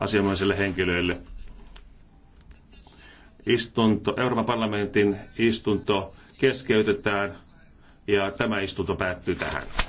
asianomaisille henkilöille. Istunto, Euroopan parlamentin istunto keskeytetään ja tämä istunto päättyy tähän.